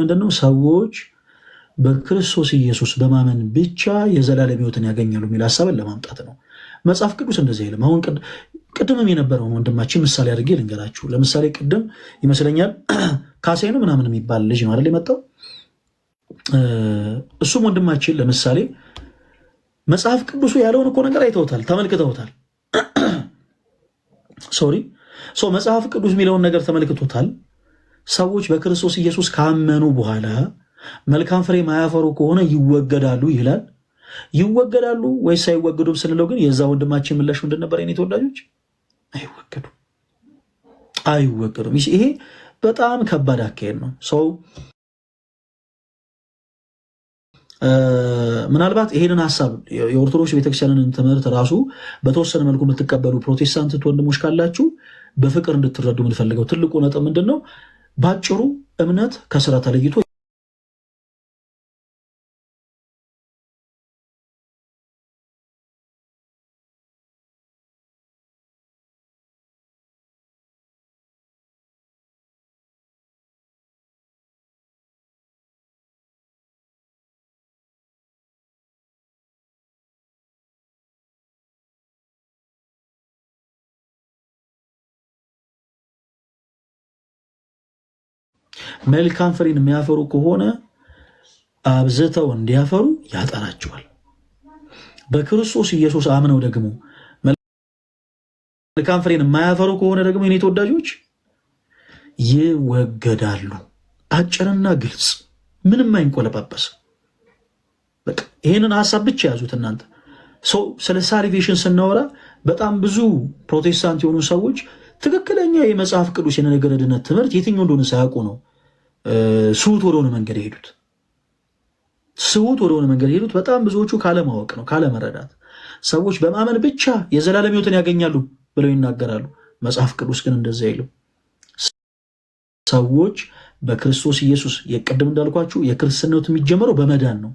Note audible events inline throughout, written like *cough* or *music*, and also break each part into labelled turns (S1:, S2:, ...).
S1: ምንድነው? ሰዎች በክርስቶስ ኢየሱስ በማመን ብቻ የዘላለም ህይወትን ያገኛሉ የሚል ሀሳብን ለማምጣት ነው። መጽሐፍ ቅዱስ እንደዚህ አይልም። አሁን ቅድምም የነበረውን ወንድማችን ምሳሌ አድርጌ ልንገራችሁ። ለምሳሌ ቅድም ይመስለኛል *clears throat* ካሴኑ ምናምን የሚባል ልጅ ነው አይደል የመጣው። እሱም ወንድማችን ለምሳሌ መጽሐፍ ቅዱሱ ያለውን እኮ ነገር አይተውታል፣ ተመልክተውታል። *clears throat* ሶሪ መጽሐፍ ቅዱስ የሚለውን ነገር ተመልክቶታል። ሰዎች በክርስቶስ ኢየሱስ ካመኑ በኋላ መልካም ፍሬ ማያፈሩ ከሆነ ይወገዳሉ ይላል። ይወገዳሉ ወይስ አይወገዱም ስንለው ግን የዛ ወንድማችን ምላሽ ምንድን ነበር? የኔ ተወዳጆች አይወገዱም፣ አይወገዱም። ይሄ በጣም ከባድ አካሄድ ነው። ሰው ምናልባት ይሄንን ሀሳብ የኦርቶዶክስ ቤተክርስቲያንን ትምህርት ራሱ በተወሰነ መልኩ የምትቀበሉ ፕሮቴስታንት ወንድሞች ካላችሁ በፍቅር እንድትረዱ የምንፈልገው ትልቁ ነጥብ ምንድን ነው? ባጭሩ እምነት ከስራ ተለይቶ መልካም ፍሬን የሚያፈሩ ከሆነ አብዝተው እንዲያፈሩ ያጠራቸዋል። በክርስቶስ ኢየሱስ አምነው ደግሞ መልካም ፍሬን የማያፈሩ ከሆነ ደግሞ የኔ ተወዳጆች ይወገዳሉ። አጭርና ግልጽ፣ ምንም አይንቆለጳጳስ። ይህንን ሀሳብ ብቻ ያዙት እናንተ ሰው ስለ ሳልቬሽን ስናወራ በጣም ብዙ ፕሮቴስታንት የሆኑ ሰዎች ትክክለኛ የመጽሐፍ ቅዱስ የነገረ ድነት ትምህርት የትኛው እንደሆነ ሳያውቁ ነው ስሁት ወደሆነ መንገድ የሄዱት ስሁት ወደሆነ መንገድ የሄዱት በጣም ብዙዎቹ ካለማወቅ ነው፣ ካለመረዳት። ሰዎች በማመን ብቻ የዘላለም ሕይወትን ያገኛሉ ብለው ይናገራሉ። መጽሐፍ ቅዱስ ግን እንደዛ የለው። ሰዎች በክርስቶስ ኢየሱስ የቅድም እንዳልኳችሁ የክርስትና ሕይወት የሚጀምረው በመዳን ነው።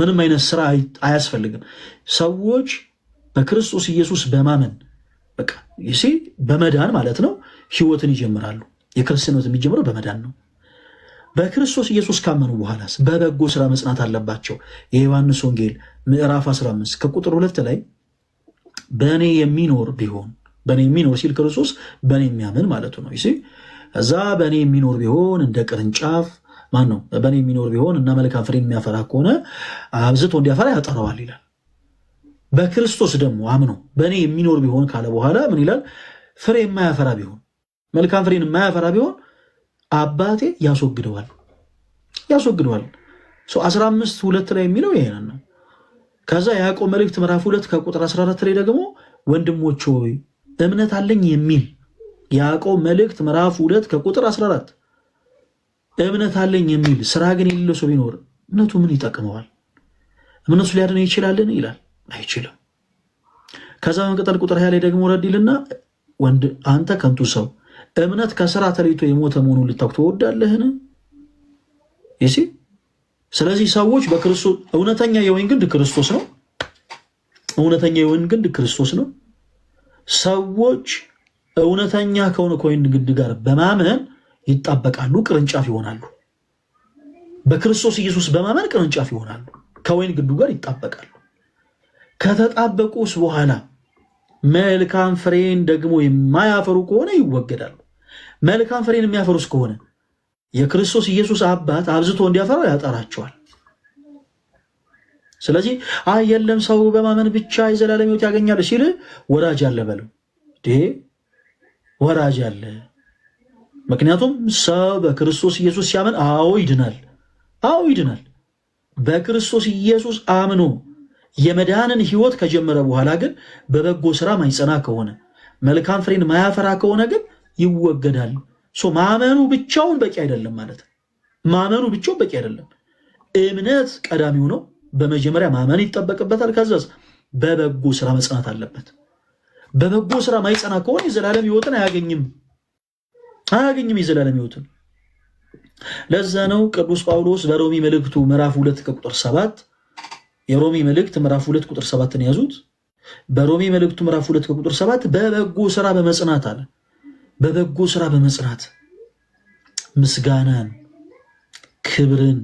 S1: ምንም አይነት ስራ አያስፈልግም። ሰዎች በክርስቶስ ኢየሱስ በማመን በቃ በመዳን ማለት ነው ህይወትን ይጀምራሉ። የክርስትና ሕይወት የሚጀምረው በመዳን ነው። በክርስቶስ ኢየሱስ ካመኑ በኋላስ በበጎ ስራ መጽናት አለባቸው። የዮሐንስ ወንጌል ምዕራፍ 15 ከቁጥር ሁለት ላይ በእኔ የሚኖር ቢሆን በእኔ የሚኖር ሲል ክርስቶስ በእኔ የሚያምን ማለቱ ነው። ይሲ እዛ በእኔ የሚኖር ቢሆን እንደ ቅርንጫፍ ማን ነው? በእኔ የሚኖር ቢሆን እና መልካም ፍሬ የሚያፈራ ከሆነ አብዝቶ እንዲያፈራ ያጠረዋል ይላል። በክርስቶስ ደግሞ አምኖ በእኔ የሚኖር ቢሆን ካለ በኋላ ምን ይላል? ፍሬ የማያፈራ ቢሆን መልካም ፍሬን የማያፈራ ቢሆን አባቴ ያስወግደዋል ያስወግደዋል። አስራ አምስት ሁለት ላይ የሚለው ይሄንን ነው። ከዛ የያዕቆብ መልእክት ምዕራፍ ሁለት ከቁጥር 14 ላይ ደግሞ ወንድሞች ሆይ እምነት አለኝ የሚል የያዕቆብ መልእክት ምዕራፍ ሁለት ከቁጥር 14 እምነት አለኝ የሚል ስራ ግን የሌለው ሰው ቢኖር እምነቱ ምን ይጠቅመዋል? እምነቱ ሊያድነው ይችላልን? ይላል። አይችልም። ከዛ በመቀጠል ቁጥር ሀያ ላይ ደግሞ ረድ ይልና አንተ ከንቱ ሰው እምነት ከስራ ተለይቶ የሞተ መሆኑን ልታውቅ ትወዳለህን? ይሲ ስለዚህ ሰዎች በክርስቶስ እውነተኛ የወይን ግንድ ክርስቶስ ነው። እውነተኛ የወይን ግንድ ክርስቶስ ነው። ሰዎች እውነተኛ ከሆነ ከወይን ግንድ ጋር በማመን ይጣበቃሉ፣ ቅርንጫፍ ይሆናሉ። በክርስቶስ ኢየሱስ በማመን ቅርንጫፍ ይሆናሉ፣ ከወይን ግንዱ ጋር ይጣበቃሉ። ከተጣበቁስ በኋላ መልካም ፍሬን ደግሞ የማያፈሩ ከሆነ ይወገዳሉ። መልካም ፍሬን የሚያፈሩስ ከሆነ የክርስቶስ ኢየሱስ አባት አብዝቶ እንዲያፈራ ያጠራቸዋል። ስለዚህ አይ የለም ሰው በማመን ብቻ የዘላለም ሕይወት ያገኛል ሲል ወራጅ አለ በለው፣ ወራጅ አለ። ምክንያቱም ሰው በክርስቶስ ኢየሱስ ሲያምን አዎ ይድናል፣ አዎ ይድናል። በክርስቶስ ኢየሱስ አምኖ የመዳንን ሕይወት ከጀመረ በኋላ ግን በበጎ ስራ ማይጸና ከሆነ መልካም ፍሬን ማያፈራ ከሆነ ግን ይወገዳሉ። ማመኑ ብቻውን በቂ አይደለም ማለት ነው። ማመኑ ብቻውን በቂ አይደለም። እምነት ቀዳሚው ነው። በመጀመሪያ ማመን ይጠበቅበታል። ከዛስ በበጎ ስራ መጽናት አለበት። በበጎ ስራ ማይጸና ከሆነ የዘላለም ህይወትን አያገኝም አያገኝም የዘላለም ህይወትን። ለዛ ነው ቅዱስ ጳውሎስ በሮሚ መልእክቱ ምዕራፍ ሁለት ከቁጥር ሰባት የሮሚ መልእክት ምዕራፍ ሁለት ቁጥር ሰባትን ያዙት። በሮሚ መልእክቱ ምዕራፍ ሁለት ከቁጥር ሰባት በበጎ ስራ በመጽናት አለ በበጎ ስራ በመስራት ምስጋናን፣ ክብርን፣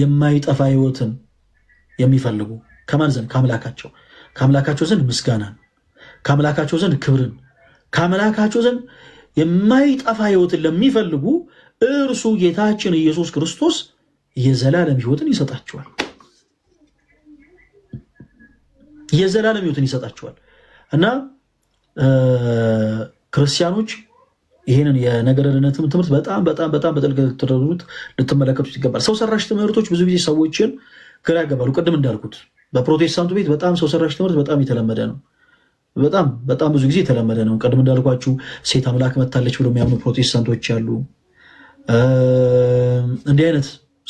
S1: የማይጠፋ ህይወትን የሚፈልጉ ከማን ዘንድ? ከአምላካቸው። ከአምላካቸው ዘንድ ምስጋናን፣ ከአምላካቸው ዘንድ ክብርን፣ ከአምላካቸው ዘንድ የማይጠፋ ህይወትን ለሚፈልጉ እርሱ ጌታችን ኢየሱስ ክርስቶስ የዘላለም ህይወትን ይሰጣቸዋል። የዘላለም ህይወትን ይሰጣቸዋል እና ክርስቲያኖች ይህንን የነገረ ድነትም ትምህርት በጣም በጣም በጣም በጥልቀት ልትመለከቱት ይገባል። ሰው ሰራሽ ትምህርቶች ብዙ ጊዜ ሰዎችን ግራ ያገባሉ። ቅድም እንዳልኩት በፕሮቴስታንቱ ቤት በጣም ሰው ሰራሽ ትምህርት በጣም የተለመደ ነው። በጣም በጣም ብዙ ጊዜ የተለመደ ነው። ቅድም እንዳልኳችሁ ሴት አምላክ መታለች ብሎ የሚያምኑ ፕሮቴስታንቶች አሉ። እንዲህ አይነት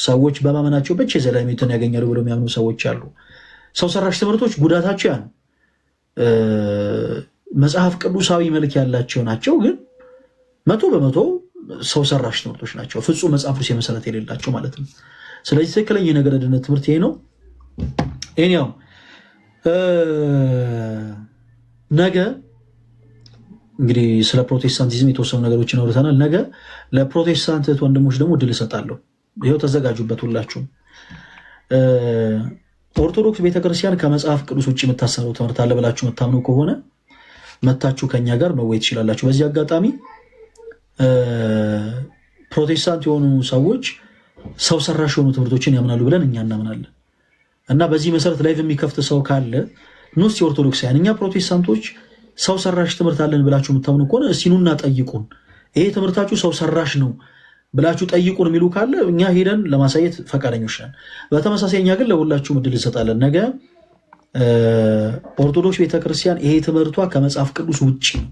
S1: ሰዎች በማመናቸው ብቻ የዘላለማዊነትን ያገኛሉ ብሎ የሚያምኑ ሰዎች አሉ። ሰው ሰራሽ ትምህርቶች ጉዳታቸው ያ ነው። መጽሐፍ ቅዱሳዊ መልክ ያላቸው ናቸው፣ ግን መቶ በመቶ ሰው ሰራሽ ትምህርቶች ናቸው። ፍጹም መጽሐፍ ቅዱስ መሰረት የሌላቸው ማለት ነው። ስለዚህ ትክክለኛ የነገረ ድነት ትምህርት ይሄ ነው። ኒያው ነገ እንግዲህ ስለ ፕሮቴስታንቲዝም የተወሰኑ ነገሮች ይኖርተናል። ነገ ለፕሮቴስታንት እህት ወንድሞች ደግሞ ድል እሰጣለሁ። ይኸው ተዘጋጁበት ሁላችሁም። ኦርቶዶክስ ቤተክርስቲያን ከመጽሐፍ ቅዱስ ውጭ የምታሰረው ትምህርት አለ ብላችሁ የምታምኑ ከሆነ መታችሁ ከኛ ጋር መወይ ትችላላችሁ። በዚህ አጋጣሚ ፕሮቴስታንት የሆኑ ሰዎች ሰው ሰራሽ የሆኑ ትምህርቶችን ያምናሉ ብለን እኛ እናምናለን እና በዚህ መሰረት ላይቭ የሚከፍት ሰው ካለ ኖስ የኦርቶዶክሳውያን እኛ ፕሮቴስታንቶች ሰው ሰራሽ ትምህርት አለን ብላችሁ የምታምኑ ከሆነ እሲኑና ጠይቁን፣ ይሄ ትምህርታችሁ ሰው ሰራሽ ነው ብላችሁ ጠይቁን የሚሉ ካለ እኛ ሄደን ለማሳየት ፈቃደኞች ነን። በተመሳሳይ እኛ ግን ለሁላችሁም እድል እንሰጣለን ነገ ኦርቶዶክስ ቤተክርስቲያን ይሄ ትምህርቷ ከመጽሐፍ ቅዱስ ውጭ ነው፣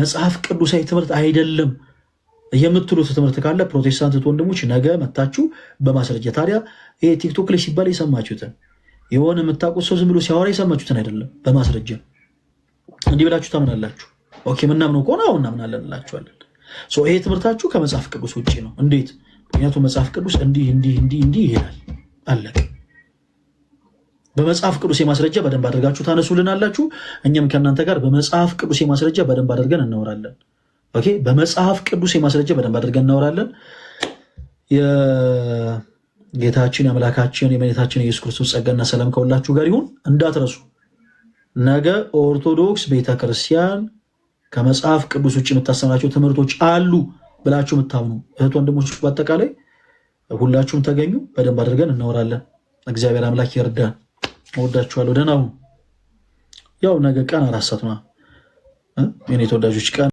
S1: መጽሐፍ ቅዱሳዊ ትምህርት አይደለም የምትሉት ትምህርት ካለ ፕሮቴስታንት ወንድሞች ነገ መታችሁ በማስረጃ ታዲያ ይሄ ቲክቶክ ላይ ሲባል የሰማችሁትን የሆነ የምታውቁት ሰው ዝም ብሎ ሲያወራ የሰማችሁትን አይደለም፣ በማስረጃ እንዲህ ብላችሁ ታምናላችሁ። ኦኬ ምናምነው ከሆነ አሁን እናምናለን እላችኋለን። ይሄ ትምህርታችሁ ከመጽሐፍ ቅዱስ ውጭ ነው። እንዴት? ምክንያቱም መጽሐፍ ቅዱስ እንዲህ እንዲህ እንዲህ እንዲህ ይሄዳል አለ በመጽሐፍ ቅዱስ የማስረጃ በደንብ አድርጋችሁ ታነሱልናላችሁ። እኛም ከእናንተ ጋር በመጽሐፍ ቅዱስ የማስረጃ በደንብ አድርገን እናወራለን። ኦኬ፣ በመጽሐፍ ቅዱስ የማስረጃ በደንብ አድርገን እናወራለን። የጌታችን የአምላካችን የመኔታችን ኢየሱስ ክርስቶስ ጸጋና ሰላም ከሁላችሁ ጋር ይሁን። እንዳትረሱ፣ ነገ ኦርቶዶክስ ቤተክርስቲያን ከመጽሐፍ ቅዱስ ውጭ የምታሰማቸው ትምህርቶች አሉ ብላችሁ የምታምኑ እህት ወንድሞች፣ በአጠቃላይ ሁላችሁም ተገኙ። በደንብ አድርገን እናወራለን። እግዚአብሔር አምላክ ይርዳን። እወዳችኋለሁ። ደህና ሁኑ። ያው ነገ ቀን አራት ሰዓት ነ የኔ ተወዳጆች ቀን